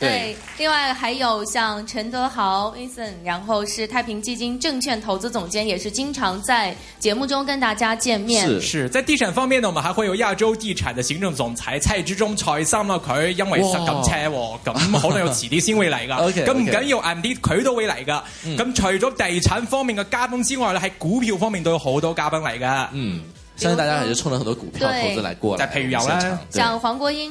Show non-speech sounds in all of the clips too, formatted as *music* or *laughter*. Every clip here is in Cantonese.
對，對，另外還有像陳德豪、Eason，然後是太平基金證券投資總監，也是經常在節目中跟大家見面。是是在地產方面呢，我們還會有亞洲地產的行政總裁蔡志忠，蔡三嘛，佢因為塞緊車喎，咁可能要遲啲先會嚟噶。 *laughs* OK，咁唔緊要，Andy 佢都會嚟噶。咁 Okay.、嗯、除咗地產方面嘅嘉賓之外咧，喺股票方面都有好多嘉賓嚟噶。嗯，相信大家還是衝咗很多股票投資來過來，譬如有，像黃國英。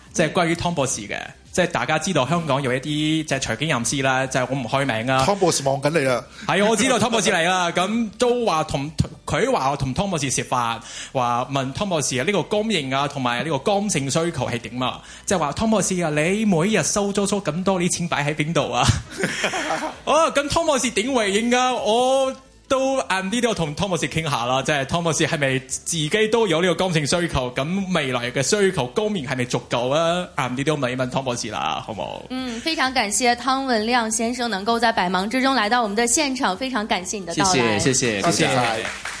即係關於湯博士嘅，即、就、係、是、大家知道香港有一啲即係財經人士啦，就係、是、我唔開名啊。湯博士望緊你啦，係啊，我知道湯博士嚟啦，咁 *laughs* 都話同佢話我同湯博士食飯，話問湯博士啊，呢個供應啊同埋呢個剛性需求係點啊？即係話湯博士啊，你每日收咗咁多啲錢擺喺邊度啊？哦、 *laughs* 啊，咁湯博士點回應啊？我。都晏啲都同湯博士傾下啦，即係湯博士係咪自己都有呢個剛性需求？咁未來嘅需求高明係咪足夠啊？晏啲都問一問湯博士啦，好冇？嗯，非常感謝湯文亮先生能夠在百忙之中來到我們的現場，非常感謝你的到來。謝謝謝謝 Okay. 謝，謝。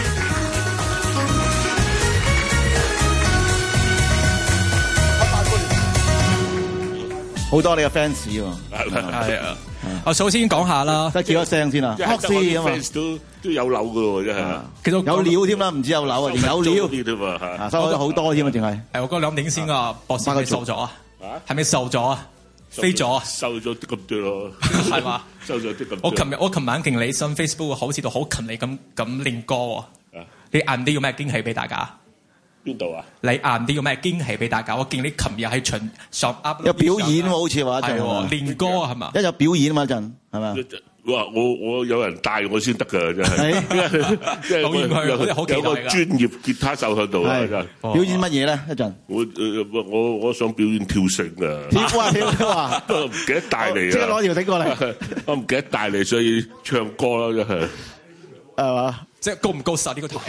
好多你嘅 fans 喎，啊，首先講下啦，得叫一聲先啊，博士啊嘛，fans 都都有樓㗎喎，真係，其實有料添啦，唔知有樓啊，有料，收咗好多添啊，仲係，係我講兩點先啊，博士，發瘦咗啊，係咪瘦咗啊，飛咗啊，瘦咗啲咁多咯，係嘛，瘦咗啲咁多，我琴日我琴晚勁理心 Facebook 好似度好勤力咁咁練歌啊，你晏啲要咩驚喜俾大家？邊度啊？你晏啲有咩驚喜俾大家？我見你琴日喺巡上 up 有表演喎，好似話一陣練歌係嘛？一有表演啊嘛一陣，係嘛？哇！我我有人帶我先得噶，真係，因為因為有有個專業吉他手喺度啊，真係。表演乜嘢咧一陣？我我想表演跳繩啊！跳啊跳啊！都唔記得帶你啊！即係攞條繩過嚟。我唔記得帶你，所以唱歌咯，真係。係嘛？即係高唔高實呢、這個台？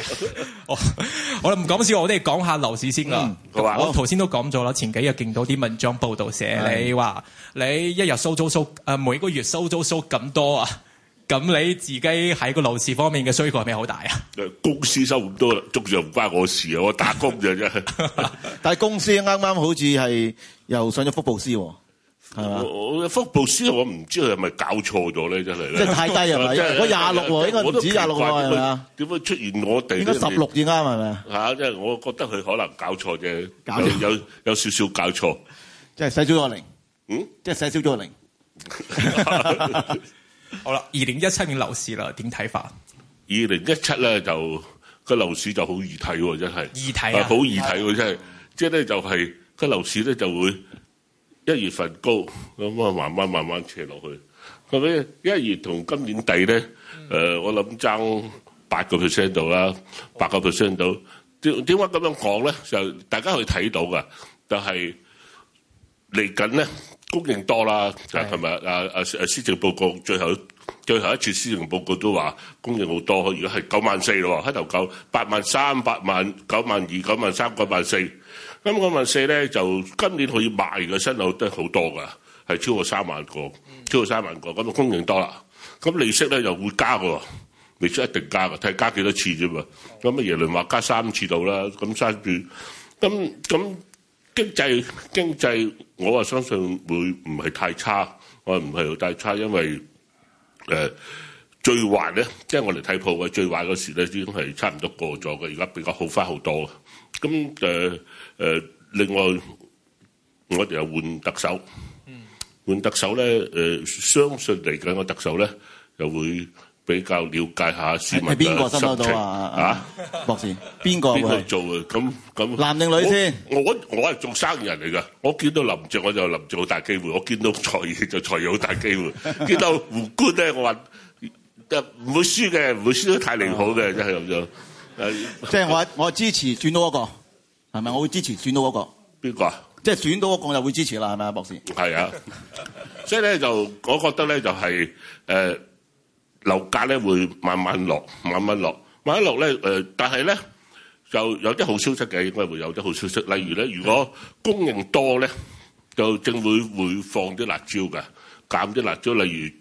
*laughs* *laughs* 我哋唔講笑，我哋講下樓市先啦。嗯、我頭先都講咗啦，前幾日見到啲文章報道寫，寫、嗯、你話你一日收租收誒，每個月收租收咁多啊，咁你自己喺個樓市方面嘅需求係咪好大啊？公司收咁多，仲就唔關我事啊！我打工咋啫。 *laughs* *laughs* 但係公司啱啱好似係又上咗福布斯。係我，我福布斯我唔知佢係咪搞錯咗咧？真係咧，即係太低啊！即係我廿六，應該唔止廿六啊，係咪啊？點解出現我哋？點解十六先啱，係咪啊？吓，即係我覺得佢可能搞錯啫，有有有少少搞錯，即係寫少咗個零，嗯，即係寫少咗個零。好啦，二零一七年樓市啦，點睇法？二零一七咧就個樓市就好易睇喎，真係易睇，好易睇，真係，即係咧就係個樓市咧就會。一月份高，咁啊慢慢慢慢斜落去，後尾一月同今年底咧？誒、呃，我諗爭八個 percent 度啦，八個 percent 度。點點解咁樣講咧？就大家可以睇到噶，但係嚟緊咧供應多啦。琴日啊啊啊，施政報告最後最後一次施政報告都話供應好多，如果係九萬四咯，喺度九八萬三、八萬九萬二、九萬三、九萬四。咁我問四咧，就今年可以賣嘅新樓都好多噶，係超過三萬個，超過三萬個。咁供應多啦，咁利息咧就會加喎，利息一定加㗎，睇加幾多次啫嘛。咁啊，耶倫話加三次到啦，咁三住，咁咁經濟經濟，我啊相信會唔係太差，我唔係太差，因為誒、呃、最壞咧，即、就、係、是、我哋睇鋪嘅最壞嗰時咧，已經係差唔多過咗嘅，而家比較好翻好多。咁誒誒，另外我哋又換特首，換特首咧誒，相信嚟緊個特首咧又會比較瞭解下市民嘅心情啊博士，邊個？邊個做嘅？咁咁男定女先？我我係做生意人嚟噶，我見到林鄭我就林鄭好大機會，我見到財爺就財爺好大機會，見到胡官咧我話就唔會輸嘅，唔會輸得太離譜嘅，就係咁樣。呃、即係我、嗯、我支持選到嗰、那個係咪？我會支持選到嗰、那個邊個啊？即係選到嗰個就會支持啦，係咪啊，博士？係啊， *laughs* 所以咧就我覺得咧就係、是、誒、呃、樓價咧會慢慢落，慢慢落，慢慢落咧誒。但係咧就有啲好消息嘅，應該會有啲好消息。例如咧，如果供應多咧，就正會會放啲辣椒㗎，減啲辣椒。例如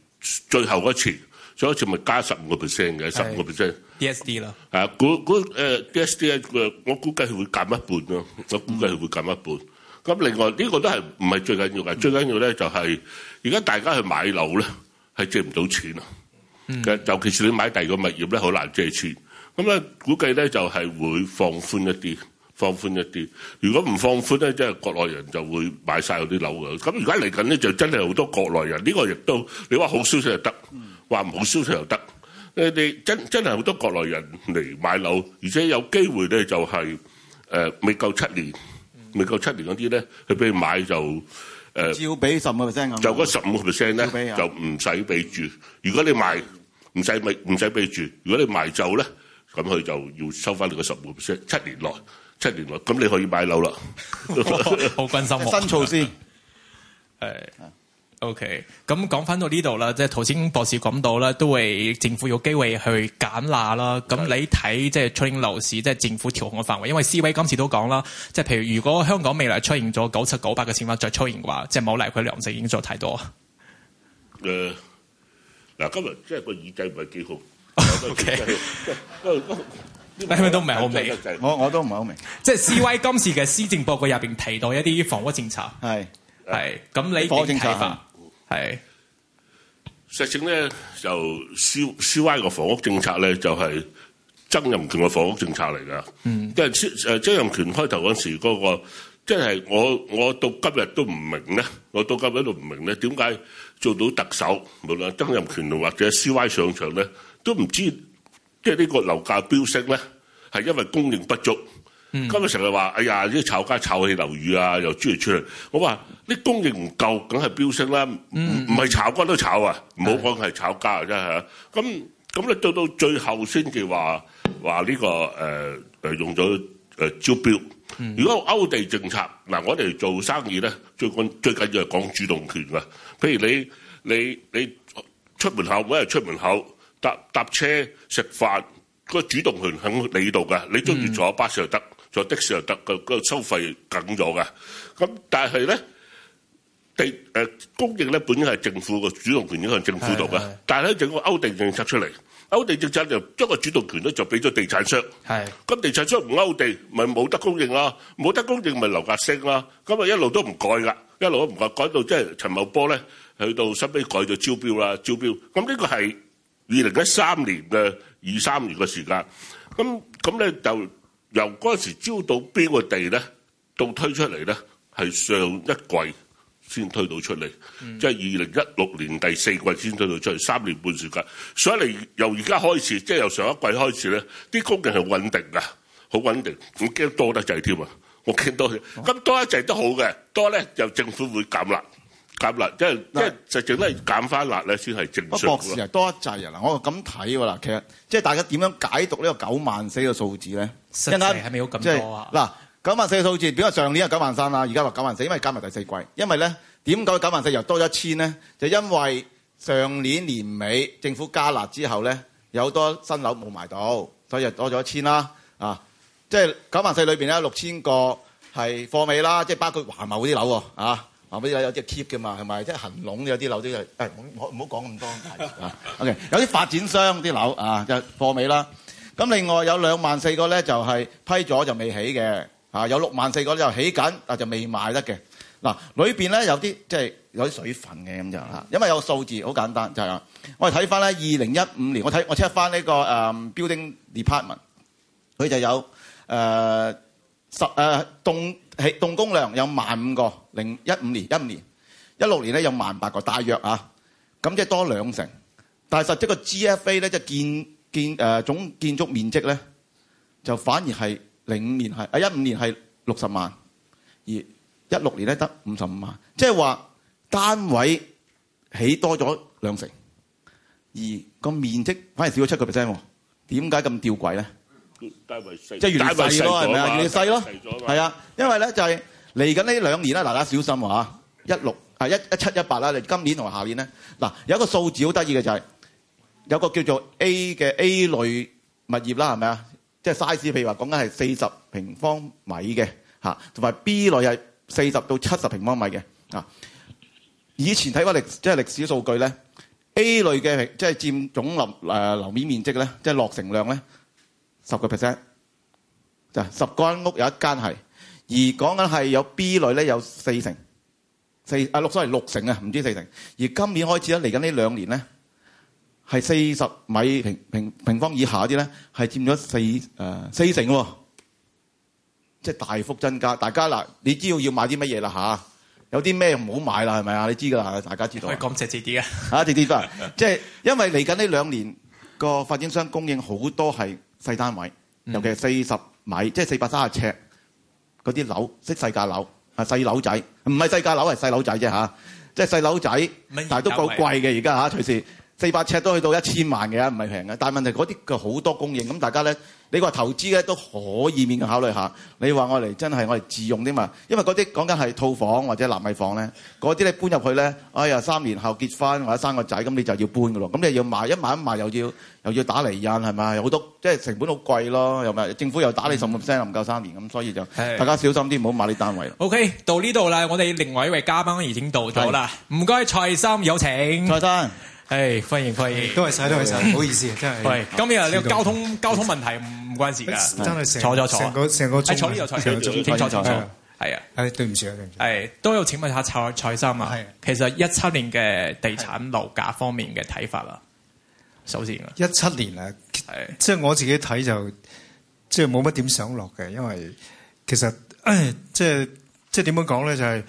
最後一次。就好似咪加十五個 percent 嘅，十五個 percent。D S D 啦，啊，估估誒 D S D，我我估計佢會減一半咯，我估計佢會減一半。咁另外呢個都係唔係最緊要嘅，最緊要咧就係而家大家去買樓咧，係借唔到錢啊。尤其是你買第二個物業咧，好難借錢。咁咧估計咧就係會放寬一啲，放寬一啲。如果唔放寬咧，即係國內人就會買曬嗰啲樓嘅。咁而家嚟緊咧就真係好多國內人，呢個亦都你話好消息就得。話唔好消息又得，你哋真真係好多國內人嚟買樓，而且有機會咧就係誒未夠七年，未夠七年嗰啲咧，佢俾你買就誒，只要俾十五 percent，就嗰十五 percent 咧就唔使畀住。如果你賣唔使咪唔使畀住，如果你賣就咧，咁佢就要收翻你個十五 percent。七年內，七年內，咁你可以買樓啦。好分心，新措施係。O K，咁講翻到呢度啦，即係頭先博士講到啦，都會政府有機會去減壓啦。咁你睇即係出現樓市，即係政府調控嘅範圍。因為 C 威今次都講啦，即係譬如如果香港未來出現咗九七九八嘅情況再出現嘅話，即係冇嚟佢糧食已經做太多，uh。誒，嗱，今日即係個耳仔唔係幾好。O K，你都唔係好明我，我我都唔係好明。 *laughs* 即係 C 威今次嘅施政報告入邊提到一啲房屋政策，係係。 *laughs* 咁你點睇法？係，實情咧就 C C Y 個房屋政策咧就係曾蔭權嘅房屋政策嚟噶嗯，即係曾蔭權開頭嗰陣時嗰個，即係我我到今日都唔明咧，我到今日都唔明咧，點解做到特首，無論曾蔭權同或者 C Y 上場咧，都唔知即係呢個樓價飆升咧，係因為供應不足。今日成日話，哎呀，呢啲炒家炒起樓宇啊，又鑽嚟出嚟。我話啲供應唔夠，梗係飆升啦、啊。唔係、嗯、炒家都炒啊，唔好講係炒家啊，真係、啊。咁咁你到到最後先至話話呢個誒、呃、用咗、呃、招標。嗯、如果歐地政策嗱，我哋做生意咧最緊最緊要係講主動權㗎。譬如你你你，你出門口，每日出門口搭搭車食飯，個主動權喺你度㗎。你中意坐巴士就得。嗯就的士又得個個收費緊咗嘅，咁但係咧地誒供應咧本應係政府個主動權應該係政府度嘅，但係咧整個勾地政策出嚟，勾地政策就將個主動權咧就俾咗地產商，係咁地產商唔勾地，咪冇得供應咯，冇得供應咪樓價升咯，咁啊一路都唔改噶，一路都唔改，改到即係陳茂波咧去到收尾改咗招標啦，招標，咁呢個係二零一三年嘅二三年嘅時間，咁咁咧就。由嗰陣時招到邊個地咧，到推出嚟咧，係上一季先推到出嚟，即係二零一六年第四季先推到出嚟，三年半時間。所以你由而家開始，即係由上一季開始咧，啲供應係穩定嘅，好穩定，我驚多得滯添啊！我驚多，多，咁多一滯都好嘅，多咧由政府會減辣，減辣即係即係就淨係減翻辣咧先係正常。博士多一滯啊！嗱，我咁睇喎嗱，其實即係大家點樣解讀呢個九萬四個數字咧？一間係咪好咁多啊？嗱，九萬四個數字，比較上年係九萬三啦，而家話九萬四，因為加埋第四季。因為咧，點解九萬四又多咗一千咧？就因為上年年尾政府加辣之後咧，有好多新樓冇賣到，所以又多咗一千啦。啊，即係九萬四裏邊咧，六千個係貨尾啦，即係包括華茂嗰啲樓喎。啊，華茂啲樓有啲係 keep 嘅嘛，係咪？即係恆隆有啲樓啲係，誒、哎，唔好唔好講咁多、 *laughs* 啊。OK，有啲發展商啲樓啊，就貨尾啦。咁另外有兩萬四個呢，就係批咗就未起嘅，有六萬四個就起緊，但就未賣得嘅。嗱，裏邊有啲即係有啲水分嘅，咁就因為有個數字好簡單就係、是、我哋睇翻呢。二零一五年，我睇我 check 翻呢個、嗯、Building Department，佢就有誒、呃、十誒、呃、動、動工量有萬五個，零一五年一五年一六年咧有萬八個，大約啊，咁即係多兩成。但係實際個 GFA 咧就見、是。建誒、呃、總建築面積咧，就反而係零五年係啊一五年係六十萬，而一六年咧得五十五萬，即係話單位起多咗兩成，而個面積反而少咗七個 percent。點解咁吊詭咧？即係越嚟越細咯，係咪啊？越嚟越細咯，係啊！因為咧就係嚟緊呢兩年咧，大家小心啊！一六啊一一七一八啦，你、啊、今年同埋下年咧，嗱、啊、有一個數字好得意嘅就係、是。有個叫做 A 嘅 A 類物業啦，係咪啊？即係 size，譬如話講緊係四十平方米嘅嚇，同埋 B 類係四十到七十平方米嘅啊。以前睇過歷即係歷史數據咧，A 類嘅即係佔總樓誒樓面面積咧，即係落成量咧十個 percent，就十間屋有一間係。而講緊係有 B 類咧，有四成四啊，六所謂六成啊，唔知四成。而今年開始咧，嚟緊呢兩年咧。係四十米平平平方以下啲咧，係佔咗四誒、呃、四成喎，即係大幅增加。大家嗱，你知道要買啲乜嘢啦吓，有啲咩唔好買啦，係咪啊？你知㗎啦，大家知道。喂，講直接啲啊！嚇，直接啲，即係因為嚟緊呢兩年個發展商供應好多係細單位，嗯、尤其係四十米，即係四百三十尺嗰啲樓，即細價樓啊，細樓仔唔係細價樓，係細樓仔啫吓，即係細樓仔，但係都夠貴嘅而家嚇，隨時。四百尺都去到一千萬嘅，唔係平嘅。但係問題嗰啲佢好多供應，咁大家咧，你話投資咧都可以勉強考慮下。你話我嚟真係我嚟自用添嘛？因為嗰啲講緊係套房或者納米房咧，嗰啲咧搬入去咧，哎呀，三年後結婚或者生個仔，咁你就要搬噶咯。咁你要買一買一買，又要又要打離印係咪好多即係、就是、成本好貴咯，又咪政府又打你十個 percent 唔夠三年咁，所以就大家小心啲，唔好買啲單位啦。OK，到呢度啦，我哋另外一位嘉賓已經到咗啦，唔該是蔡生，有請蔡生。誒，歡迎歡迎，多謝晒，多謝晒，唔好意思，真係。今日呢，交通交通問題唔關事噶，真係坐咗坐，成個成個坐呢度坐，成個坐坐，係啊。誒，對唔住啊，對唔住。都有，請問下蔡蔡生啊，其實一七年嘅地產樓價方面嘅睇法啦，首先一七年啊，即係我自己睇就，即係冇乜點上落嘅，因為其實即係即係點樣講咧，就係。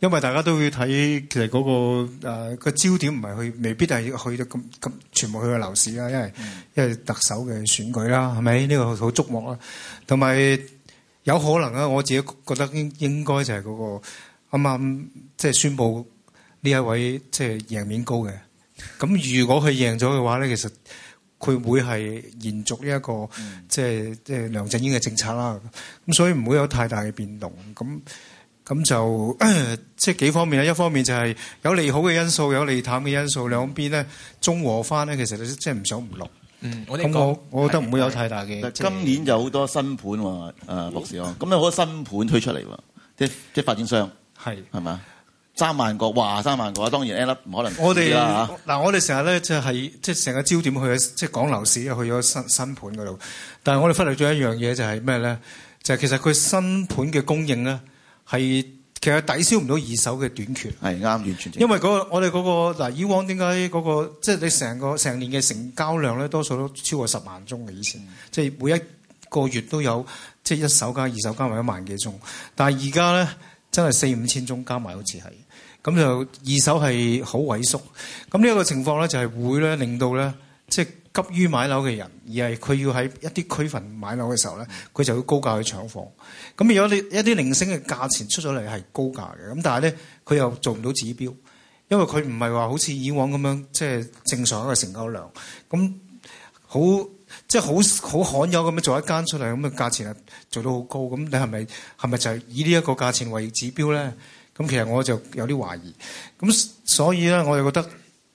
因為大家都會睇，其實嗰、那個誒、啊那個、焦點唔係去，未必係去到咁咁全部去到樓市啦，因為、嗯、因為特首嘅選舉啦，係咪？呢、這個好觸目啦，同埋有，有可能啊，我自己覺得應應該就係嗰、那個啱啱，即係宣布呢一位即係贏面高嘅。咁如果佢贏咗嘅話咧，其實佢會係延續呢、這、一個即係即係梁振英嘅政策啦。咁所以唔會有太大嘅變動咁。咁就即係幾方面啦，一方面就係有利好嘅因素，有利淡嘅因素，兩邊咧中和翻咧，其實你即係唔上唔落。嗯，咁我我都唔會有太大嘅。就是、今年有好多新盤喎、啊啊，博士咁是有好多新盤推出嚟喎、啊是，即即係發展商係係嘛？三是萬個哇，三萬個，當然一唔可能。我哋嗱，我哋成日咧即係即係成個焦點去咗即係講樓市，去咗新新盤嗰度，但係我哋忽略咗一樣嘢，就係咩咧？就係、是、其實佢新盤嘅供應咧。係，其實抵消唔到二手嘅短缺。係啱，完全。因為嗰、那個我哋嗰、那個嗱，以往點解嗰個即係、就是、你成個成年嘅成交量咧，多數都超過十萬宗嘅以前，即係、嗯、每一個月都有即係、就是、一手加二手加埋一萬幾宗。但係而家咧真係四五千宗加埋好似係，咁就二手係好萎縮。咁呢一個情況咧就係、是、會咧令到咧。即係急於買樓嘅人，而係佢要喺一啲區份買樓嘅時候咧，佢就要高價去搶房。咁如果你一啲零星嘅價錢出咗嚟係高價嘅，咁但係咧佢又做唔到指標，因為佢唔係話好似以往咁樣即係、就是、正常一個成交量。咁好即係好好罕有咁樣做一間出嚟，咁嘅價錢啊做到好高。咁你係咪係咪就係以呢一個價錢為指標咧？咁其實我就有啲懷疑。咁所以咧，我就覺得。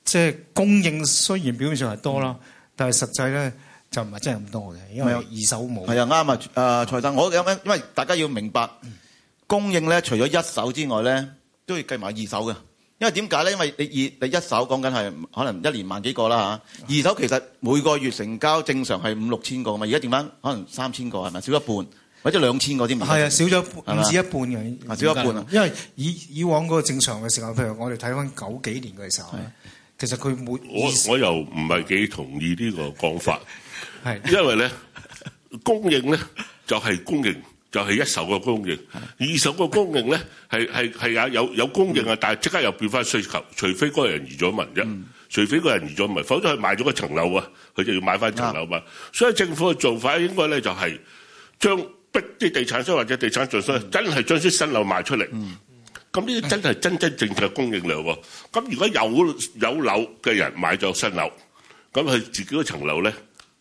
即係供應雖然表面上係多啦，嗯、但係實際咧就唔係真係咁多嘅，因為有二手冇。係啊，啱啊，誒、呃、財生，我有咩？因為大家要明白供應咧，除咗一手之外咧，都要計埋二手嘅。因為點解咧？因為你二你一手講緊係可能一年萬幾個啦嚇是的 二手其實每個月成交正常係五六千個嘛。而家點樣？可能三千個，係咪少一半，或者兩千個啲啊？係啊，少咗唔止一半嘅吧，少一半啊。為因為以以往嗰個正常嘅時候，譬如我哋睇翻九幾年嘅時候。其實佢冇，我我又唔係幾同意呢個講法，係 *laughs* 是，因為咧供應咧就係、是、供應，就係、是、一手個供應，是二手個供應咧係係係有有有供應啊，嗯、但係即刻又變翻需求，除非嗰人移咗民啫，嗯、除非嗰人移咗民，否則佢買咗個層樓啊，佢就要買翻層樓嘛，嗯、所以政府嘅做法應該咧就係將逼啲地產商或者地產仲商，真係將啲新樓賣出嚟。嗯咁呢啲真係真真正正嘅供應量喎。咁如果有有樓嘅人買咗新樓，咁佢自己嘅層樓咧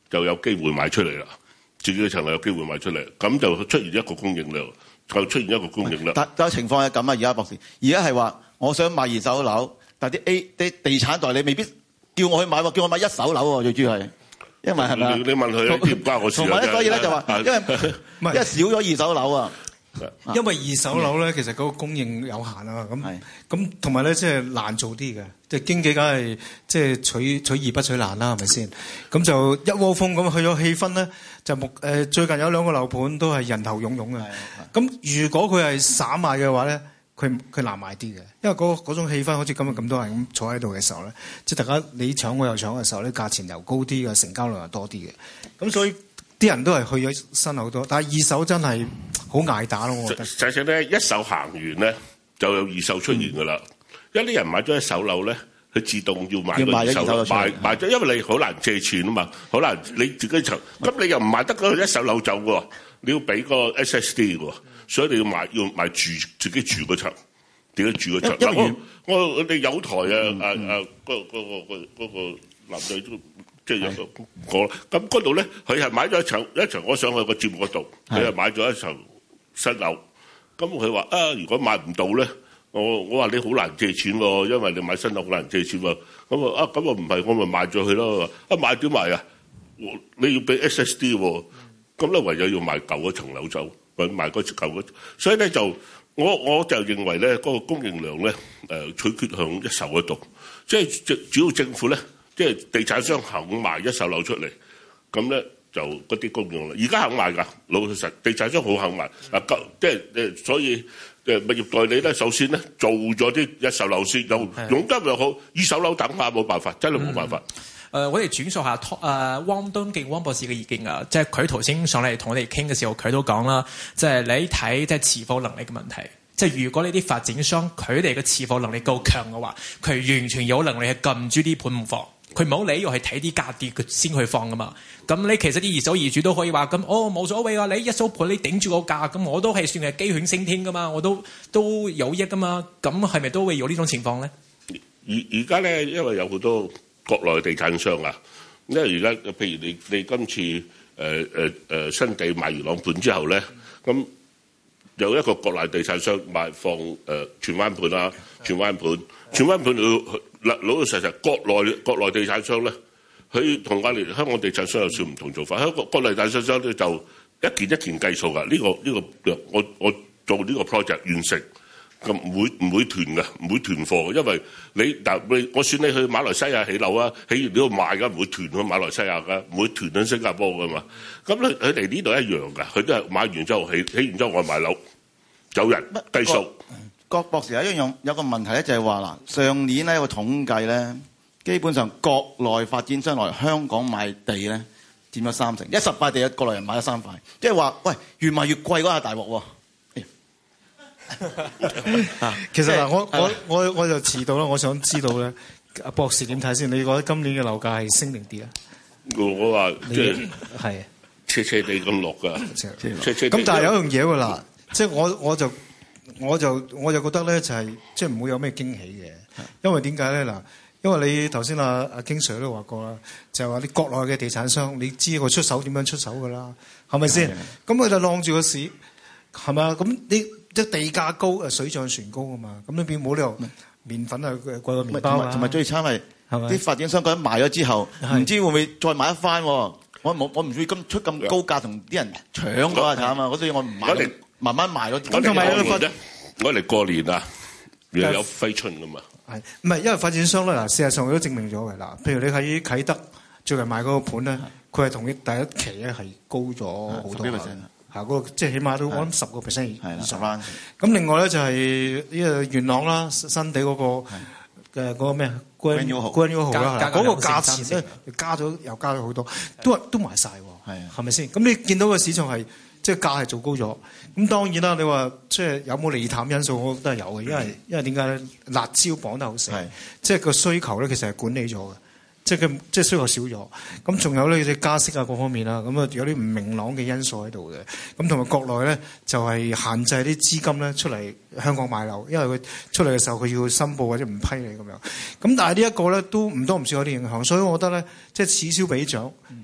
就有機會買出嚟啦。自己嘅層樓有機會買出嚟，咁就出現一個供應量，就出現一個供應量。但，但情況係咁啊，而家博士，而家係話我想買二手樓，但啲 A 啲地產代理未必叫我去買喎，叫我買一手樓喎，最主要係，因為係咪你問佢係國家嘅事啊。所以咧就話，啊、因為、啊、因為少咗二手樓啊。因為二手樓咧，的其實嗰個供應有限啊嘛，咁咁同埋咧，即係、就是、難做啲嘅，即、就、係、是、經紀梗係即係取取易不取難啦，係咪先？咁就一窩蜂咁去咗氣氛咧，就、呃、最近有兩個樓盤都係人頭湧湧嘅。咁如果佢係散賣嘅話咧，佢佢難賣啲嘅，因為嗰嗰種氣氛好似今日咁多人咁坐喺度嘅時候咧，即、就、係、是、大家你搶我又搶嘅時候咧，價錢又高啲嘅，成交量又多啲嘅，咁的所以。啲人都係去咗新樓多，但係二手真係好捱打咯，我覺得。加上咧，一手行完咧，就有二手出現噶啦。一啲人買咗一手樓咧，佢自動要賣一手，賣賣咗，因為你好難借錢啊嘛，好難你自己層。咁你又唔買得一手樓走喎，你要俾個 SSD 嘅喎，所以你要賣要賣住自己住嗰層，點解住嗰層？因我我我哋有台啊啊啊嗰嗰個嗰男女都。即係咁嗰度咧，佢係買咗一層一層，一層我上去個節目嗰度，佢係買咗一層新樓。咁佢話啊，如果買唔到咧，我我話你好難借錢喎、哦，因為你買新樓好難借錢喎、哦。咁啊啊，咁啊唔係，我咪賣咗佢咯。一、啊、賣點賣啊？你要俾 S S D 喎、哦。咁咧，唯有要賣舊嗰層樓就賣埋嗰舊嗰，所以咧就我我就認為咧，嗰、那個供應量咧誒、呃、取決向一手嗰度，即係主要政府咧。即係地產商肯賣一手樓出嚟，咁咧就嗰啲供應啦。而家肯賣㗎，老實講，地產商好肯賣。即係、嗯、所以誒物業代理咧，首先咧做咗啲一,一手樓先，有佣金又好，二手樓等下冇辦法，真係冇辦法。誒、嗯呃，我哋轉述下誒汪敦敬汪博士嘅意見啊，即係佢頭先上嚟同我哋傾嘅時候，佢都講啦，即、就、係、是、你睇即係持貨能力嘅問題。即、就、係、是、如果呢啲發展商佢哋嘅持貨能力夠強嘅話，佢完全有能力係撳住啲盤唔放。佢唔好理由係睇啲價跌佢先去放噶嘛？咁你其實啲二手業主都可以話，咁哦冇所謂啊！你一手盤你頂住個價，咁我都係算係雞犬升天噶嘛？我都都有益噶嘛？咁係咪都會有呢種情況咧？而而家咧，因為有好多國內地產商啊，因為而家譬如你你今次誒誒誒新地賣元朗盤之後咧，咁、嗯嗯、有一個國內地產商賣放誒荃灣盤啦，荃、呃、灣盤，荃灣盤、嗯嗱，老老實實，國內國內地產商咧，佢同隔籬香港地產商有少少唔同做法。香國國內地產商咧就一件一件計數噶，呢個呢個我我做呢個 project 完成，咁唔會唔會囤噶，唔會囤貨，因為你嗱你我算你去馬來西亞起樓啊，起完都要賣噶，唔會囤去馬來西亞噶，唔會囤去新加坡噶嘛。咁佢佢哋呢度一樣噶，佢都係買完之後起，起完之後賣埋樓走人計數。郭博士有一樣有個問題咧，就係話啦，上年咧個統計咧，基本上國內發展商嚟香港買地咧，佔咗三成，一十塊地一國內人買咗三塊，即係話喂，越賣越貴嗰下大鑊喎。其實嗱，我我我我就遲到啦，我想知道咧，阿博士點睇先？你覺得今年嘅樓價係升定跌啊？我我話即係係徹徹底底落噶，徹徹底底。咁但係有一樣嘢喎啦，即係我我就。我就我就覺得咧就係即係唔會有咩驚喜嘅，是的 因為點解咧嗱？因為你頭先阿阿 King Sir 都話過啦，就係話你國內嘅地產商，你知佢出手點樣出手噶啦，係咪先？咁佢就晾住個市，係咪？咁你即係地價高啊，水漲船高啊嘛。咁呢邊冇理由麪是的 粉啊貴過麪包，同埋最慘係啲發展商覺得賣咗之後，唔是的 知會唔會再買一翻？我冇我唔中意咁出咁高價同啲人搶嗰個產啊，所以我唔買。慢慢賣咗。咁就埋咧，我嚟過年啊，原來有揮春噶嘛。係唔係因為發展商咧？嗱，事實上都證明咗嘅啦。譬如你喺啟德最近買嗰個盤咧，佢係同佢第一期咧係高咗好多。十即係起碼都我諗十個 percent 以十啦。咁另外咧就係呢個元朗啦，新地嗰個嘅嗰個咩啊？Grand YOHO 嗰個價錢咧加咗又加咗好多，都都賣晒喎。係咪先？咁你見到個市場係？即係價係做高咗，咁當然啦。你話即係有冇利淡因素，我覺得係有嘅，因為因為點解咧？辣招綁得好死，是的 即係個需求咧其實係管理咗嘅，即係佢即係需求少咗。咁仲有咧，即係加息啊各方面啦，咁啊有啲唔明朗嘅因素喺度嘅。咁同埋國內咧就係、是、限制啲資金咧出嚟香港買樓，因為佢出嚟嘅時候佢要申報或者唔批你咁樣。咁但係呢一個咧都唔多唔少有啲影響，所以我覺得咧即係此消彼長。嗯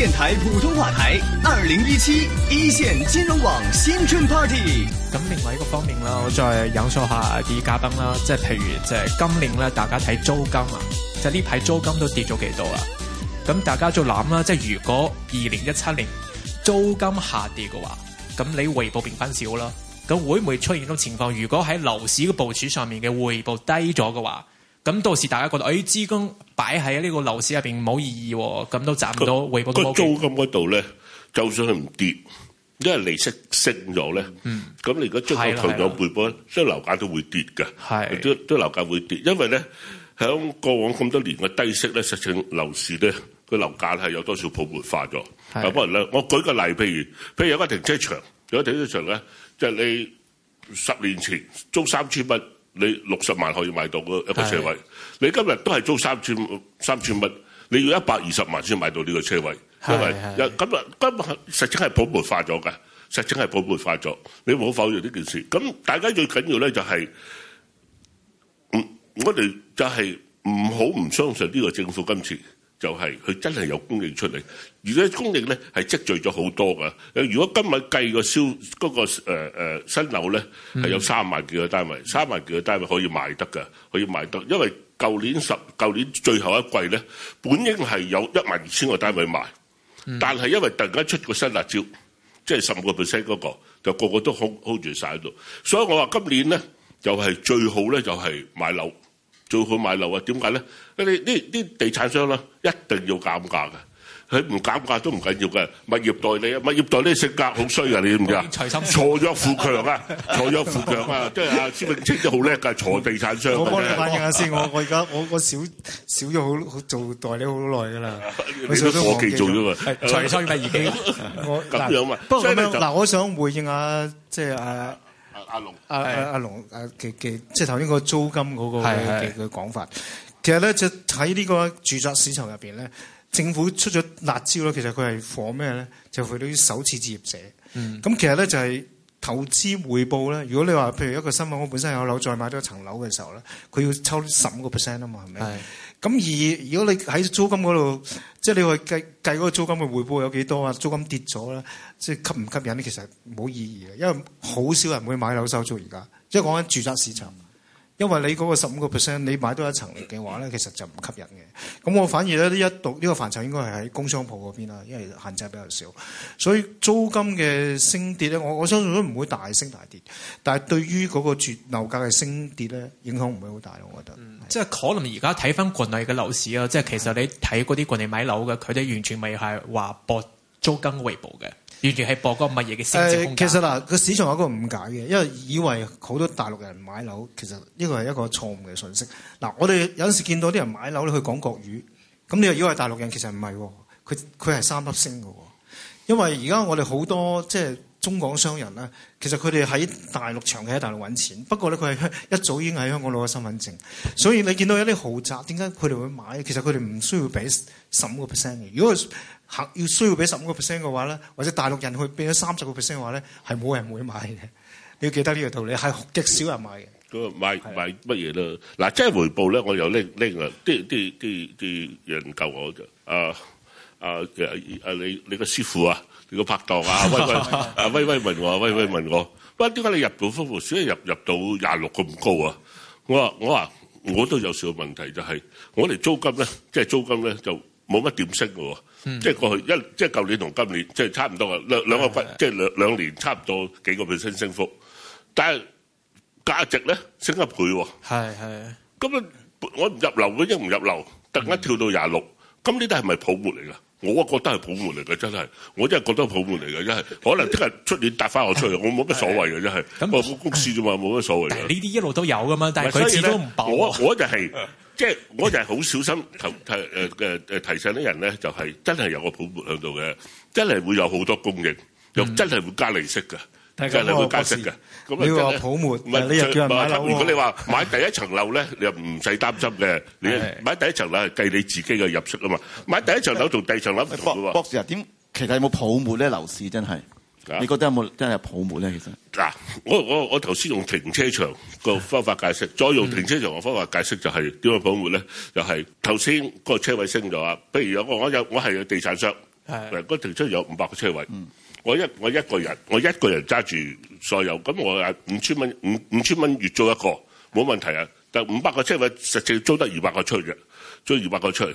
電台普通話台二零一七 E 綫金融網新春 party。咁另外一個方面啦，我再引述下啲嘉賓啦，即係譬如，即係今年咧，大家睇租金啊，就係呢排租金都跌咗幾多啊？咁大家就諗啦，即係如果二零一七年租金下跌嘅話，咁你回報變翻少啦。咁會唔會出現呢種情況？如果喺樓市嘅部署上面嘅回報低咗嘅話，咁到時大家覺得誒，資金。擺喺呢個樓市入邊冇意義，咁都賺唔到回報。租金嗰度咧，就算佢唔跌，因為利息升咗咧，咁你如果將個台長背波，即係樓價都會跌嘅，都都樓價會跌。因為咧，響過往咁多年嘅低息咧，實際上樓市咧，個樓價係有多少泡沫化咗。啊，不過咧，我舉個例，譬如譬如有個停車場，有個停車場咧，即係你十年前租三千蚊。你六十萬可以買到一個車位，是的 你今日都係租三千三千蚊，你要一百二十萬先買到呢個車位，因為今日今日實情係泡沫化咗嘅，實情係泡沫化咗，你唔好否認呢件事。咁大家最緊要咧就係，嗯，我哋就係唔好唔相信呢個政府今次。就係、是、佢真係有供應出嚟，而且供應咧係積聚咗好多噶。如果今日計個銷嗰、那個誒、呃、新樓咧，係有三萬幾個單位，三萬幾個單位可以賣得噶，可以賣得，因為舊年十舊年最後一季咧，本應係有一萬二千個單位賣，嗯、但係因為突然間出個新辣招，即係十五個 percent 嗰個，就個個都 hold hold 住晒喺度，所以我話今年咧就係、是、最好咧就係、是、買樓。最好買樓啊？點解咧？你啲啲地產商呢，一定要減價㗎。佢唔減價都唔緊要嘅。物業代理啊，物業代理性格好衰㗎，你知唔知啊？隨心錯咗富強啊，錯咗富強啊！即係阿施永青就好叻㗎，坐地產商嘅啫。我幫你反映下先，我我而家我我少少咗好做代理好耐㗎啦，你都忘記咗啊？財經操業業幾啊？我咁樣嘛？不過咁樣嗱，我想回應下即係阿。阿龍，阿阿、啊啊、阿龍，嘅、啊、嘅，即係頭先個租金嗰、那個嘅講法，其實咧就喺呢個住宅市場入邊咧，政府出咗辣招咧，其實佢係放咩咧？就去到啲首次置業者。嗯，咁其實咧就係、是、投資回報咧。如果你話譬如一個新買屋本身有樓，再買多層樓嘅時候咧，佢要抽十五個 percent 啊嘛，係咪？咁而如果你喺租金嗰度，即係你去計計嗰個租金嘅回報有幾多啊？租金跌咗啦，即係吸唔吸引咧？其實冇意義嘅，因為好少人會買樓收租而家，即係講緊住宅市場。因為你嗰個十五個 percent，你買多一層嘅話咧，其實就唔吸引嘅。咁我反而咧，呢一度呢、呢個範疇應該係喺工商鋪嗰邊啦，因為限制比較少。所以租金嘅升跌咧，我我相信都唔會大升大跌。但係對於嗰個住樓價嘅升跌咧，影響唔會好大，我覺得。即係、嗯、是可能而家睇翻國內嘅樓市啊，即係其實你睇嗰啲國內買樓嘅，佢哋完全未係話搏租金回報嘅。完全係博個乜嘢嘅升值空間，其實嗱、個、啊、市場有一個誤解嘅，因為以為好多大陸人買樓，其實呢個係一個錯誤嘅信息。嗱、啊，我哋有陣時見到啲人買樓咧，去講國語，咁你又以為大陸人，其實唔係喎，佢佢係三粒星嘅喎。因為而家我哋好多即係。中港商人咧，其實佢哋喺大陸長期喺大陸揾錢，不過咧，佢係一早已經喺香港攞咗身份證，所以你見到一啲豪宅，點解佢哋會買？其實佢哋唔需要俾十五個 percent 嘅。如果行要需要俾十五個 percent 嘅話咧，或者大陸人去變咗三十個 percent 嘅話咧，係冇人會買嘅。你要記得呢個道理，係極少人買嘅。咁買買乜嘢咧？嗱的、啊，即係回報咧，我有拎拎啦。啲啲啲啲人救我嘅，啊啊啊！你你個師傅啊？果拍檔啊，威威啊 *laughs* 威威問我，威威問我，喂，點解你入到幅所以入入到廿六咁高啊？我話我話，我都有少問題就係、是、我哋租金咧，即係租金咧就冇乜點升嘅喎，即係、嗯、過去一即係舊年同今年即係、就是、差唔多啊，兩兩個即係兩年差唔多幾個 percent 升幅，但係價值咧升一倍喎、啊，咁是的 我唔入流嘅一唔入樓，突然間跳到廿六，咁呢啲係咪泡沫嚟㗎？我啊覺得係泡沫嚟嘅，真係，我真係覺得係泡沫嚟嘅，真係。可能即係出年搭翻我出去， *laughs* 我冇乜所謂嘅，真係。咁啊、嗯，個公司啫嘛，冇乜所謂。但呢啲一路都有噶嘛，但係佢始終唔爆。我、就係、 *laughs* 我就係，即係我就係好小心提提誒誒提醒啲人咧，就係、係、真係有個泡沫喺度嘅，真係會有好多供應，又真係會加利息嘅。嗯。係你會解釋嘅。咁你話泡沫？唔係你又叫人買樓？如果你話買第一層樓咧，你又唔使擔心嘅。你買第一層樓係計你自己嘅入息啊嘛。買第一層樓同第二層樓唔同嘅。博士啊，點其實有冇泡沫咧？樓市真係，你覺得有冇真係泡沫咧？其實嗱，我我我頭先用停車場個方法解釋，再用停車場個方法解釋就係點樣泡沫咧？就係頭先個車位升咗啊。譬如我有我係地產商，嗰停車場有五百個車位。我一我一個人，我一個人揸住所有咁，我啊五千蚊五五千蚊月租一個冇問題啊！但五百個車位實際租得二百個出去嘅，租二百個出去，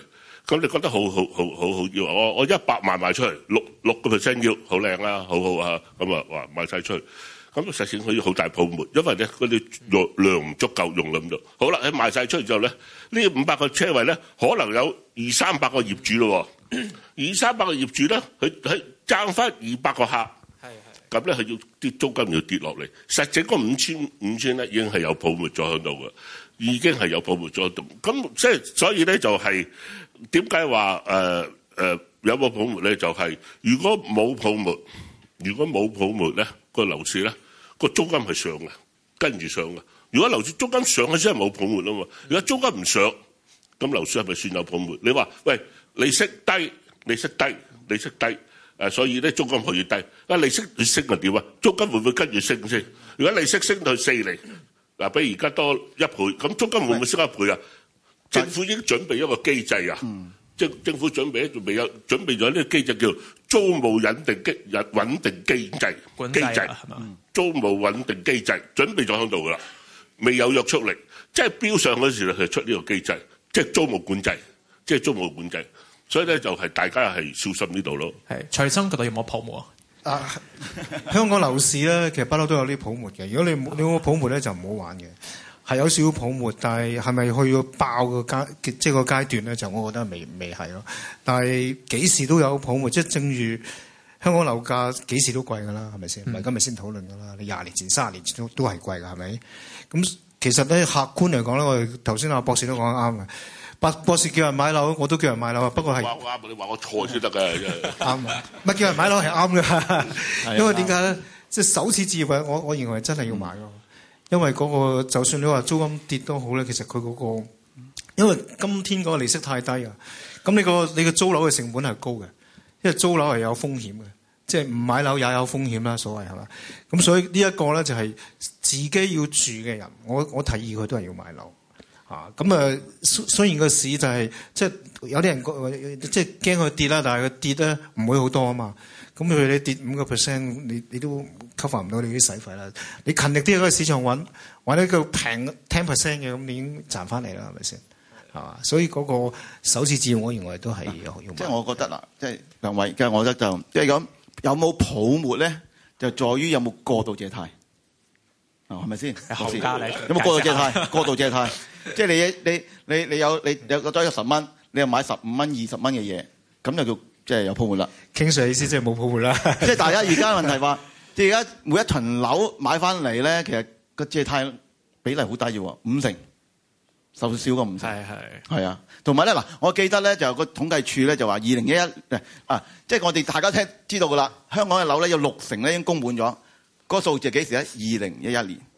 咁你覺得好好好好要我我一百萬賣出去六六個 percent 要好靚啊好好啊咁啊話賣晒出去，咁實踐可以好大泡沫，因為咧嗰啲量唔足夠用啦，咁就好啦。喺賣晒出去之後咧，呢五百個車位咧可能有二三百個業主咯，二三百個業主咧佢喺。賺翻二百個客，係係咁咧係要啲租金要跌落嚟。實際個五千五千咧，已經係有泡沫咗喺度㗎，已經係有泡沫咗喺度。咁即係所以咧，就係點解話誒誒有個泡沫咧？就係如果冇泡沫，如果冇泡沫咧，個樓市咧個租金係上嘅，跟住上嘅。如果樓市租金上嘅先係冇泡沫啊嘛。如果租金唔上，咁樓市係咪算有泡沫？你話喂，利息低，利息低，利息低。誒，所以咧，租金可越低，啊利息越升又點啊？租金會唔會跟住升先？如果利息升到去四釐，嗱比而家多一倍，咁租金會唔會升一倍啊？政府已經準備一個機制啊！政政府準備咧，仲未有準備咗呢個機制，叫租務穩定機、穩定機制、機制係嘛？租務穩定機制準備咗喺度㗎啦，未有約束力，即係飆上嗰時咧，佢出呢個機制，即係租務管制，即係租務管制。所以咧就係大家係小心呢度咯。係財生嗰度有冇泡沫啊？啊，香港樓市咧，其實不嬲都有啲泡沫嘅。如果你冇，你冇泡沫咧就唔好玩嘅。係有少少泡沫，但係係咪去到爆嘅階即係個階段咧？就我覺得未未係咯。但係幾時都有泡沫，即係正如香港樓價幾時都貴㗎啦，係咪先？唔係，嗯，今日先討論㗎啦。你廿年前、卅年前都都係貴㗎，係咪？咁其實咧客觀嚟講咧，我哋頭先阿博士都講得啱嘅。博士叫人買樓，我都叫人買樓啊！不過係，啱你話我錯先得嘅。啱啊， *laughs* *laughs* 咪叫人買樓係啱嘅， *laughs* 因為點解咧？即係 *laughs* 首次置業，我我認為真係要買嘅，因為嗰、嗰個就算你話租金跌都好咧，其實佢嗰、嗰個，因為今天嗰個利息太低啊，咁你個你個租樓嘅成本係高嘅，因為租樓係有風險嘅，即係唔買樓也有風險啦，所謂係嘛？咁所以呢一個咧就係自己要住嘅人，我我提議佢都係要買樓。咁啊、嗯，雖然個市就係、是、即係有啲人即係驚佢跌啦，但係佢跌咧唔會好多啊嘛。咁譬如你跌五個 percent，你你都 cover 唔到你啲使費啦。你勤力啲喺個市場揾，揾到個平 ten percent 嘅，咁你已經賺翻嚟啦，係咪先？係嘛。所以嗰個首次置業我認為都係有用。即係我覺得啦，即係兩位，即係我覺得就即係咁，有冇泡沫咧？就在於有冇過度借貸啊？係咪先？後家 *laughs* 有冇過度借貸？ *laughs* 過度借貸？ *laughs* 即係你你你你有你有個多有十蚊，你又買十五蚊、二十蚊嘅嘢，咁就叫即係、就是、有泡沫啦。傾上意思即係冇泡沫啦。 *laughs* 即係大家而家問題話，即係而家每一層樓買翻嚟咧，其實個借貸比例好低要喎，五成，受少過五成。係係啊，同埋咧嗱，我記得咧就有個統計處咧就話，二零一一啊，即、就、係、是、我哋大家聽知道㗎啦，香港嘅樓咧有六成咧已經供滿咗，那個數字幾時咧？二零一一年。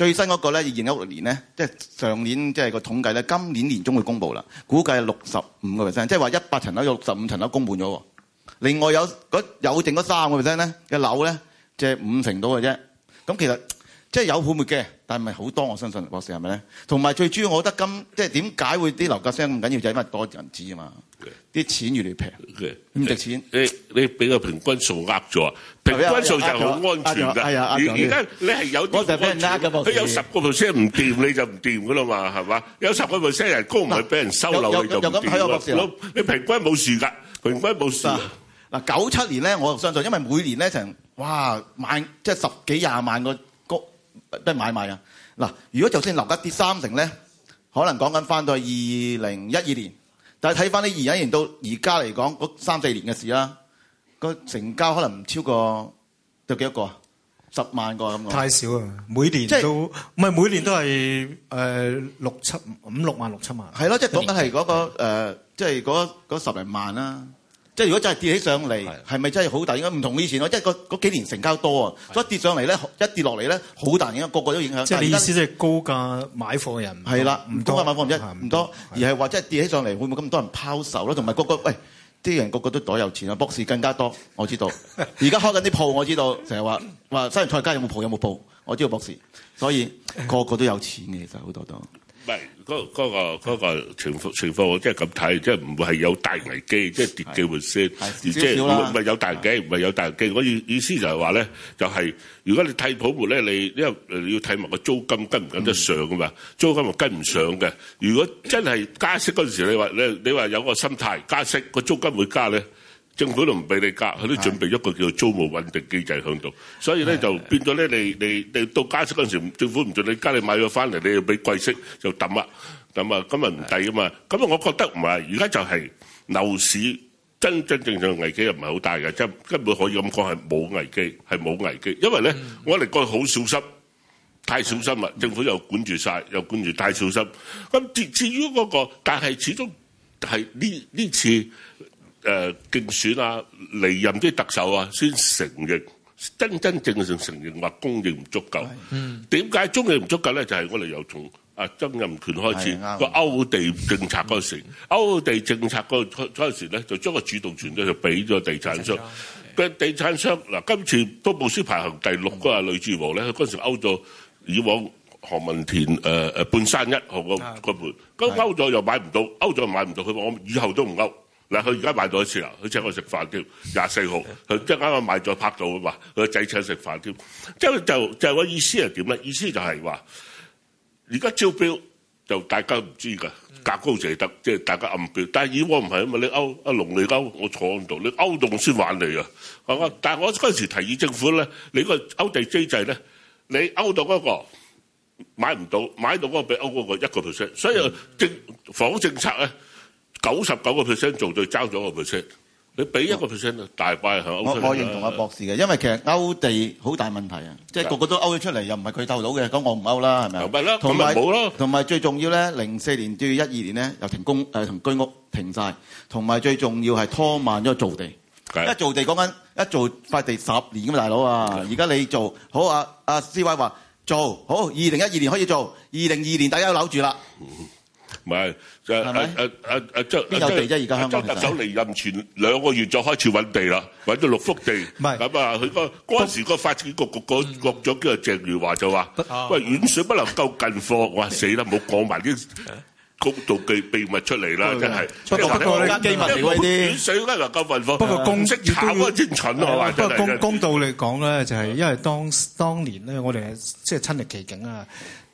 最新嗰個咧，二零一六年咧，即係上年，即係個統計咧，今年年中會公佈啦。估計係六十五個 percent，即係話一百層樓有六十五層樓供滿咗喎。另外有有剩嗰三個 percent 咧嘅樓咧，即係、就是、五成到嘅啫。咁其實。即係有泡沫嘅，但係唔係好多。我相信博士係咪咧？同埋最主要，我覺得今即係點解會啲樓價升咁緊要，就係、是、因為多人知啊嘛。啲 Okay. 錢越嚟平，唔值 Okay. 錢。Hey. 你你俾個平均數呃咗，平均數就好安全㗎、啊。啊，而家你係有啲，我就俾人呃咗。佢有十個 percent 唔掂，你就唔掂㗎啦嘛，係嘛？有十個 percent 人工唔係俾人收留，你就唔掂啦。你平均冇事㗎，平均冇事。嗱九七年咧，我又相信，因為每年咧成哇萬，即係十幾廿萬個。都係買賣啊！嗱，如果就算樓價跌三成咧，可能講緊翻到二零一二年，但係睇翻呢二一年到而家嚟講，嗰三四年嘅事啦，嗰、那個、成交可能唔超過就幾多個啊？十萬個咁樣，太少啊！每年都係唔係每年都係誒六七五六萬六七萬？係咯，即係講緊係嗰個即係嗰嗰十零萬啦、啊。即係如果真係跌起上嚟，係咪真係好大？應該唔同以前咯，即係個嗰幾年成交多啊是的，一跌上嚟咧，一跌落嚟咧，好大影響，個個都影響。即係你意思即係高價買貨的人係啦，唔高價買貨唔一唔多，是多是而係或者係跌起上嚟會唔會咁多人拋售咯？同埋、嗰個個喂啲人個個都袋有錢啊，是的 博士更加多，我知道。而家 *laughs* 開緊啲鋪，我知道成日話話西洋菜街有冇鋪有冇鋪，我知道博士。所以個個都有錢嘅，其實好多都。嗰嗰個嗰個情況情況，我即係咁睇，即係唔會係有大危機，即係跌機會先。而即係唔係唔係有大危機，唔係有大危機。我意意思就係話咧，就係如果你睇泡沫咧，你因為要睇埋個租金跟唔跟得上噶嘛，租金又跟唔上嘅。如果真係加息嗰陣時，你話你你話有個心態加息，個租金會加咧。政府都唔俾你加，佢都準備一個叫做租務穩定機制喺度，所以咧就變咗咧，你你你到加息嗰陣時，政府唔準你加，你買咗翻嚟，你要俾貴息就抌啦，抌啊！咁咪唔抵啊嘛，咁啊，我覺得唔係，而家就係樓市真真正正危機又唔係好大嘅，即係根本可以咁講係冇危機，係冇危機，因為咧我哋過去好小心，太小心啦，政府又管住曬，又管住太小心。咁至至於嗰個，但係始終係呢呢次。誒競選啊、離任啲特首啊，先承認真真正正承認，話供應唔足夠。嗯，點解供應唔足夠咧？就係我哋由從啊曾蔭權開始個勾地政策嗰陣時，勾地政策嗰嗰陣時咧，就將個主動權咧就俾咗地產商。個地產商嗱，今次都福布斯排行第六嗰個呂志和咧，佢嗰陣時勾咗以往何文田誒誒半山一號個個盤，勾勾咗又買唔到，勾咗又買唔到，佢話我以後都唔勾。嗱，佢而家買到一次啦，佢請我食飯添，廿四號，佢即啱啱買咗拍到啊嘛，佢個仔請食飯添，即係就就我意思係點咧？意思就係話，而家招標就大家唔知㗎，格高就得，即係大家暗標。但係以往唔係啊嘛，你勾一籠你勾，我坐喺度，你勾到先玩你啊！但係我嗰陣時提議政府咧，你個勾地機制咧，你勾到嗰個買唔到，買到嗰個俾勾嗰一個 percent，所以政房政策咧。九十九個 percent 做到，交咗個 percent。你俾一個 percent，大把係。我我認同阿博士嘅，因為其實勾地好大問題啊，即係個個都勾咗出嚟，又唔係佢鬥到嘅，咁我唔勾啦，係咪？咪咯，同埋冇咯。同埋最重要咧，零四年到一二年咧，又停工，誒同居屋停曬。同埋最重要係拖慢咗造地，一造地講緊一造塊地十年咁，大佬啊，而家你做好啊？阿思偉話做好，二零一二年可以做，二零二年大家扭住啦。唔係，誒誒誒誒誒，即係邊有地啫？而家香港人走離任前兩個月，就開始揾地啦，揾咗六幅地。唔係咁啊，佢個嗰時個發展局局局局長叫做鄭汝樺，就話：喂，遠水不能救近火。我話死啦，唔好講埋啲公道嘅秘密出嚟啦，真係。不過呢啲秘密嚟啲，遠水不能救近火。不過公識慘啊，真蠢啊！話真係。公公道嚟講咧，就係因為當當年咧，我哋係即係親歷其境啊！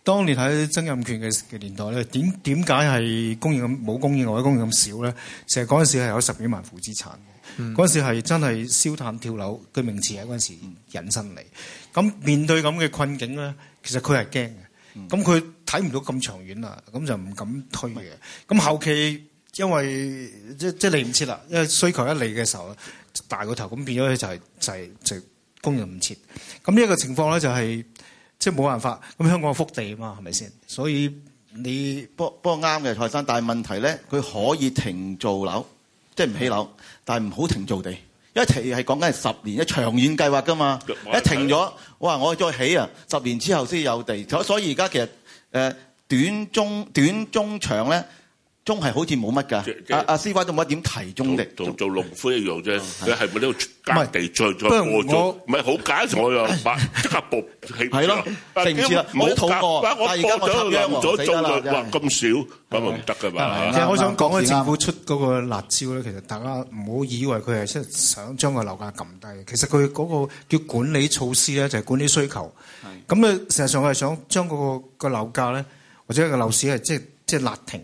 當年喺曾蔭權嘅嘅年代咧，點點解係供應咁冇供應，或者供應咁少咧？成日嗰陣時係有十幾萬負資產的，嗰陣、嗯、時係真係燒炭跳樓，據名詞喺嗰陣時引申嚟。咁、嗯、面對咁嘅困境咧，其實佢係驚嘅，咁佢睇唔到咁長遠啦，咁就唔敢推嘅。咁是後期因為即即係嚟唔切啦，因為需求一嚟嘅時候，大個頭咁變咗咧就係、是、就係、是、就是、供應唔切。咁呢一個情況咧就係、是。即係冇辦法，咁香港福地啊嘛，係咪先？所以你幫過啱嘅蔡生，但係問題咧，佢可以停造樓，即係唔起樓，但係唔好停造地，因為停係講緊係十年，一長遠計劃㗎嘛。一停咗，我話我再起啊，十年之後先有地。所所以而家其實誒短中短中長咧。中係好似冇乜㗎，阿阿師傅都冇一點提中力，做做農夫一樣啫。佢係咪呢個耕地再再過咗？唔係好解咗呀？即刻暴起係咯？知唔知啦？唔好解過。而家我咗做就話咁少，咁咪唔得㗎嘛？其實我想講政府出嗰個辣招咧，其實大家唔好以為佢係即係想將個樓價撳低。其實佢嗰個叫管理措施咧，就係管理需求。咁咧，實質上我係想將嗰個個樓價咧，或者個樓市係即即辣停，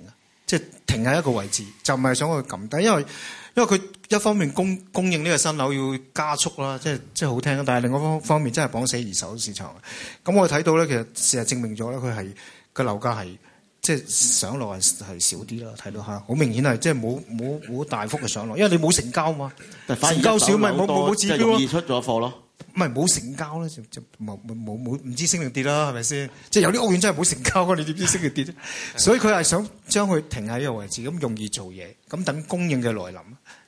停喺一個位置，就唔係想佢撳低，但因為因為佢一方面供供應呢個新樓要加速啦，即係即係好聽，但係另外方方面真係綁死二手市場。咁我哋睇到咧，其實事實證明咗咧，佢係個樓價係即係上落係係少啲啦。睇到嚇，好明顯係即係冇冇冇大幅嘅上落，因為你冇成交啊嘛，成交少咪冇冇冇指標喎，即係沒多容易出咗貨咯。唔係冇成交咧，就冇冇冇唔知升定跌啦，係咪先？即係有啲屋苑真係冇成交，你點知升定跌咧？所以佢係想將佢停喺呢個位置，咁容易做嘢，咁等供應嘅來臨。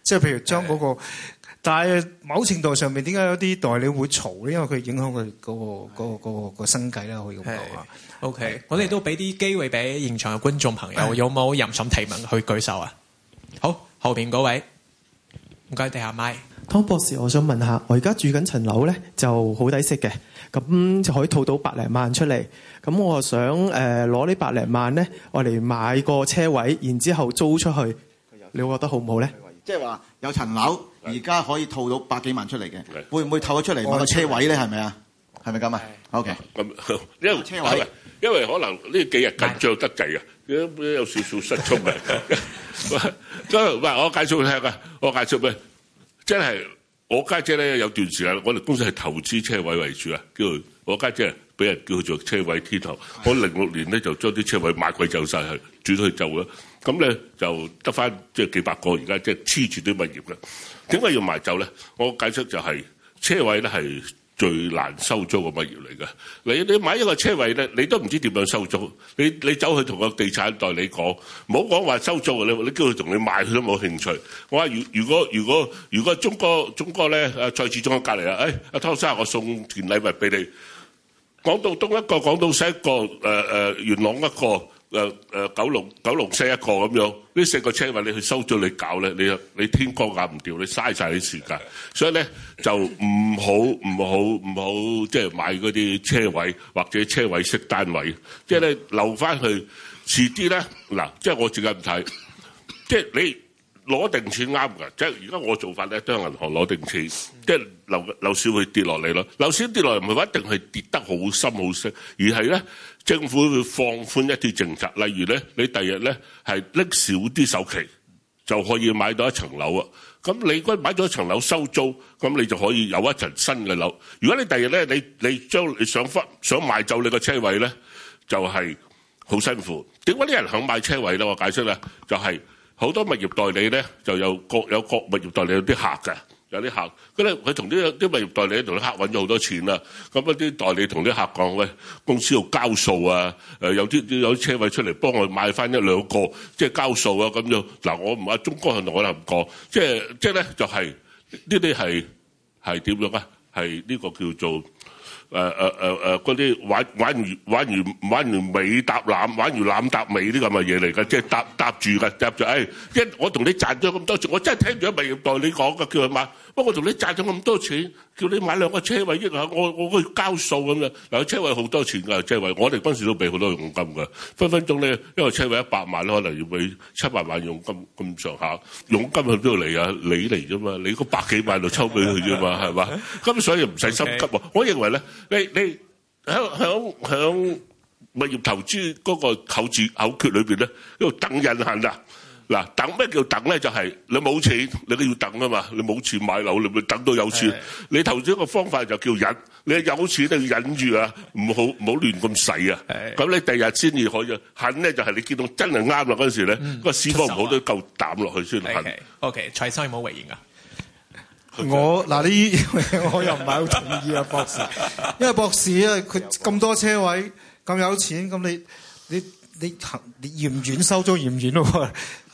即係譬如將嗰、那個，是的但係某程度上面點解有啲代理會嘈咧？因為佢影響佢嗰、那個嗰的、那個嗰、那個、那個那個那個生計啦，可以咁講啊。O、okay, K，的我哋都俾啲機會俾現場嘅觀眾朋友的，有冇任何提問去舉手啊？好，後邊嗰位，唔該，遞下麥。湯博士，我想問下，我而家住緊層樓咧，就好抵食嘅，咁就可以套到百零萬出嚟。咁我誒想攞、呃、呢百零萬咧，我嚟買個車位，然之後租出去，你覺得好唔好咧？即係話有層樓而家可以套到百幾萬出嚟嘅，是會唔會套得出嚟買個車位咧？係咪啊？係咪咁啊？O K，咁因為車位是是因為可能呢幾日緊張得滯啊，有少少失聰啊。喂， *laughs* *laughs* 我介紹你聽啊，我介紹俾。即係、就是、我家姐咧，有段時間我哋公司係投資車位為主啊，叫我家姐啊，俾人叫佢做車位天后。的我零六年咧就將啲車位賣鬼走晒，轉去轉咗去做啦。咁咧就得翻即係幾百個，而家即係黐住啲物業嘅。點解要賣走咧？我解釋就係、是、車位咧係。最難收租嘅物業嚟嘅，你你買一個車位咧，你都唔知點樣收租。你你走去同個地產代理講，唔好講話收租，你你叫佢同你買，佢都冇興趣。我話如如果如果如果中國中國咧，蔡志忠隔離啊，誒阿湯生，我送件禮物俾你。港島東一個，港島西一個，誒誒元朗一個。誒誒九龍九龍四一個咁樣，呢四個車位你去收咗你搞咧，你你天光眼唔掉，你嘥曬啲時間，所以咧就唔好唔好唔好即係買嗰啲車位或者車位式單位，即係咧留翻去遲啲咧嗱，即係我自己唔睇，即係你攞定錢啱㗎，即係而家我做法咧，都係銀行攞定錢，即係樓樓市會跌落嚟咯，樓市跌落嚟唔係一定係跌得好深好深，而係咧。政府會放寬一啲政策，例如咧，你第日咧係拎少啲首期就可以買到一層樓啊！咁你買咗一層樓收租，咁你就可以有一層新嘅樓。如果你第日咧，你你將你想翻想買走你個車位咧，就係好辛苦。點解啲人肯買車位咧？我解釋啊，就係好多物業代理咧，就有各有各物業代理有啲客嘅。有啲客，咁咧佢同啲啲物業代理咧同啲客揾咗好多錢啦。咁啊啲代理同啲客講：喂，公司要交數啊！誒，有啲有車位出嚟幫我買翻一兩個，即係交數啊！咁樣嗱，我阿鍾哥佢同我又唔講，即係即係咧就係呢啲係係點樣啊？係呢個叫做。誒誒誒誒，嗰啲玩玩完玩完玩完尾搭攬，玩完攬搭尾啲咁嘅嘢嚟嘅，即係搭搭住嘅，搭住誒一我同你賺咗咁多錢，我真係聽咗啲美容代理講嘅叫佢買，不過我同你賺咗咁多錢，叫你買兩個車位，因為我我去交數咁嘅嗱，車位好多錢㗎，即係為我哋當時都俾好多佣金㗎，分分鐘咧，因為車位一百萬都可能要俾七百萬佣金咁上下，佣金去邊度嚟啊？你嚟啫嘛，你個百幾萬就抽俾佢啫嘛，係嘛？咁所以唔使心急，我認為咧。你你響響響物業投資嗰個口住口訣裏邊咧，呢個等人狠啊！嗱，等咩叫等咧？就係你冇錢，你都要等啊嘛！你冇錢買樓，你咪等到有錢。你投資個方法就叫忍，你有錢你要忍住啊，唔好唔好亂咁使啊。咁你第日先至可以狠咧，就係你見到真係啱啦嗰陣時咧，個市況唔好都夠膽落去先狠。OK，蔡生有冇回應啊？我嗱，呢我又唔係好同意啊， *laughs* 博士。因為博士啊，佢咁多車位，咁有錢，咁你你你行你嫌遠收租嫌遠咯？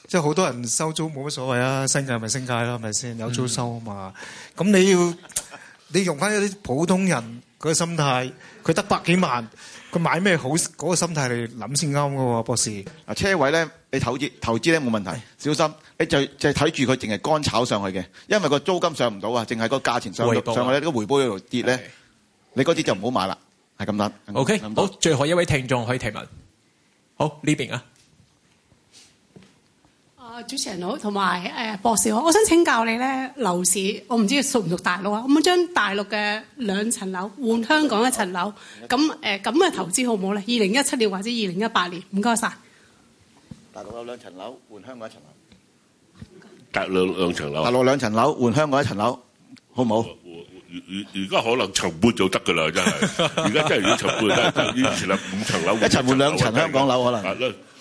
即係好多人收租冇乜所謂啊，新界咪新界啦係咪先？有租收啊嘛。咁、嗯、你要你用翻一啲普通人佢嘅心態，佢得百幾萬。佢買咩好嗰、嗰個心態你諗先啱㗎喎，博士。嗱車位呢，你投資投資呢冇問題，是小心。你就就睇住佢，淨係乾炒上去嘅，因為個租金上唔到啊，淨係個價錢上唔到，了上落呢，你個回報一路跌呢，是你嗰啲就唔好買啦，係咁樣。OK，好，最後一位聽眾可以提問，好呢邊啊。主持人好，同埋誒博士好，我想請教你咧，樓市我唔知屬唔屬大陸啊，我冇將大陸嘅兩層樓換香港一層樓，咁誒咁嘅投資好唔好咧？二零一七年或者二零一八年，唔該晒。大陸有兩層樓換香港一層樓，大陸兩兩層樓，大陸兩層樓換香港一層樓，好唔好？而而而家可能層換就得噶啦，真係，而家真係要層換，以前係五層樓一層換兩層香港樓可能。應該換啦，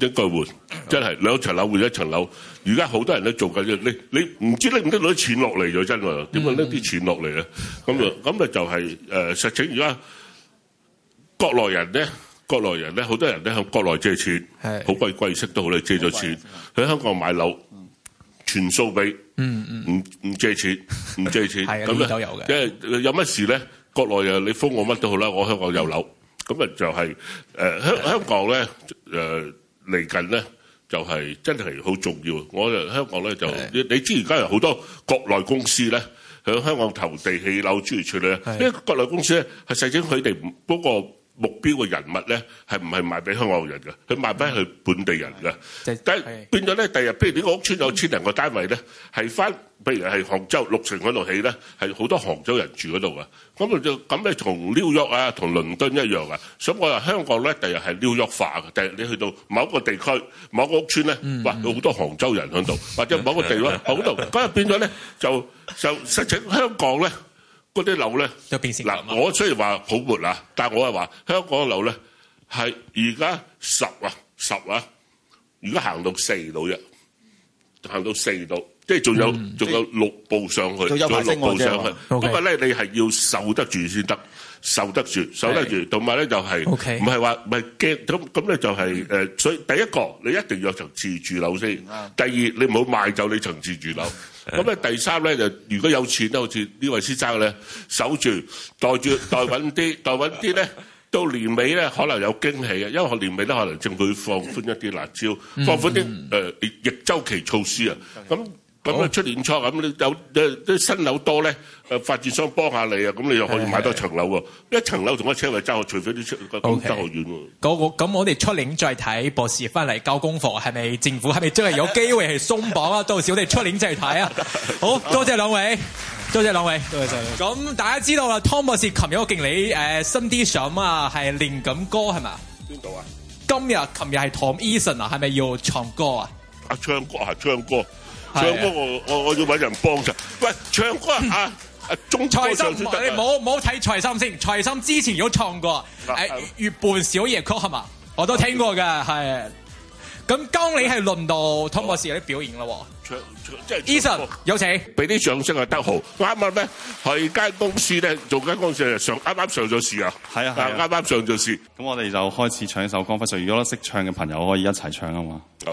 應該換，真係兩層樓換一層樓。而家好多人都做緊，你你唔知拎唔拎到錢落嚟就真喎？點解拎啲錢落嚟咧？咁啊咁啊，就係誒，實情而家國內人咧，國內人咧，好多人咧喺國內借錢，係好貴貴息都好啦，借咗錢喺香港買樓，全數俾，嗯嗯，唔唔借錢，唔借錢，咁咧，即係有乜事咧？國內人啊，你封我乜都好啦，我香港有樓。咁啊就係誒香香港咧誒嚟近咧就係，是，真係好重要，我哋香港咧就是的 你，你知而家有好多國內公司咧響香港投地起樓諸如出嚟，出呢是的 因為國內公司咧係細際佢哋唔嗰目標嘅人物咧，係唔係賣俾香港人嘅？佢賣俾佢本地人嘅，咁變咗咧。第日，譬如呢個屋村有千零個單位咧，係翻，譬如係杭州六成嗰度起咧，係好多杭州人住嗰度嘅。咁就咁咧，同紐約啊，同倫敦一樣啊。所以我話香港咧，第日係紐約化嘅。第日你去到某一個地區、某一個屋村咧，哇，有好多杭州人響度，或者某一個地方響度，咁就變咗咧，就就實質香港咧。嗰啲樓咧，嗱，我雖然話泡沫啦，但係我係話香港嘅樓咧，係而家十啊十啊，而家行到四度啫，行到四度，即係仲有仲有六步上去，仲有六步上去，咁啊咧你係要受得住先得。受得住，受得住，同埋咧就係，唔係話唔係驚咁咁咧就係誒，所以第一個你一定要有層自住樓先，第二你唔好賣走你層自住樓，咁咧第三咧就如果有錢咧，好似呢位先生咧，守住，待住，待穩啲，待穩啲咧，到年尾咧可能有驚喜啊，因為年尾咧可能政府會放寬一啲辣招，放寬啲誒逆週期措施啊，咁。咁啊出年初，咁你有誒啲新樓多咧誒發展商幫下你啊，咁你就可以買多層樓喎。一層樓同一,一車位爭，除非你出個爭好遠喎。咁 Okay. 我哋出年再睇，博士翻嚟交功課，係咪政府係咪真係有機會係鬆綁啊？ *laughs* 到時我哋出年再睇啊。 *laughs* 好多謝兩位，多謝兩位。多謝。咁大家知道啦 Tom 博士琴日我敬你誒、呃、新啲相啊，係靈感歌係嘛？邊度啊？今日琴日係 Tom Edison 啊，係咪要唱歌啊？阿昌哥？啊唱歌，啊唱歌唱歌我我要揾人幫嘅，喂唱歌啊，仲唱先你冇冇睇蔡心先？蔡心之前都唱過，月半小夜曲係嘛？我都聽過嘅，係。咁當你係輪到湯博士有啲表演咯？唱唱即係。Eason 有請。俾啲掌聲啊，德豪啱啱咧？喺間公司咧，做間公司就上啱啱上咗市啊，係啊係，啱啱上咗市。咁我哋就開始唱一首光輝歲月如果識唱嘅朋友可以一齊唱啊嘛。好。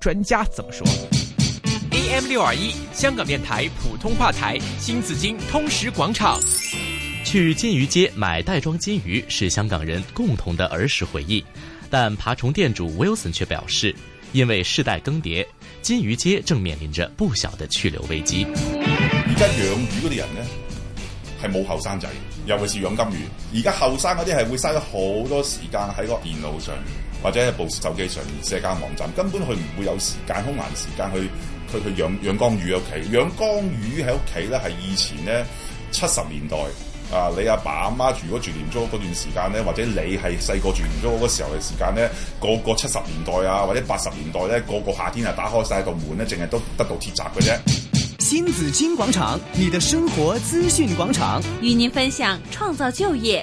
專家怎麼說？AM 六二一香港電台普通話台，新紫金通識廣場。去金魚街買袋裝金魚是香港人共同的兒時回憶，但爬蟲店主 Wilson 卻表示，因為世代更迭，金魚街正面臨着不小的去留危機。而家養魚嗰啲人呢，係冇後生仔，尤其是養金魚，而家後生嗰啲係會嘥咗好多時間喺個電腦上，或者喺部手機上面社交網站，根本佢唔會有時間空閒時間去去去養養江魚屋企。養江魚喺屋企咧，係以前咧七十年代啊，你阿爸阿媽如果住廉租嗰段時間咧，或者你係細個住廉租屋嗰時候嘅時，時間咧，個個七十年代啊，或者八十年代咧，個個夏天啊打開晒個門咧，淨係都得到鐵閘嘅啫。新紫荊廣場，你的生活資訊廣場，與您分享創造就業。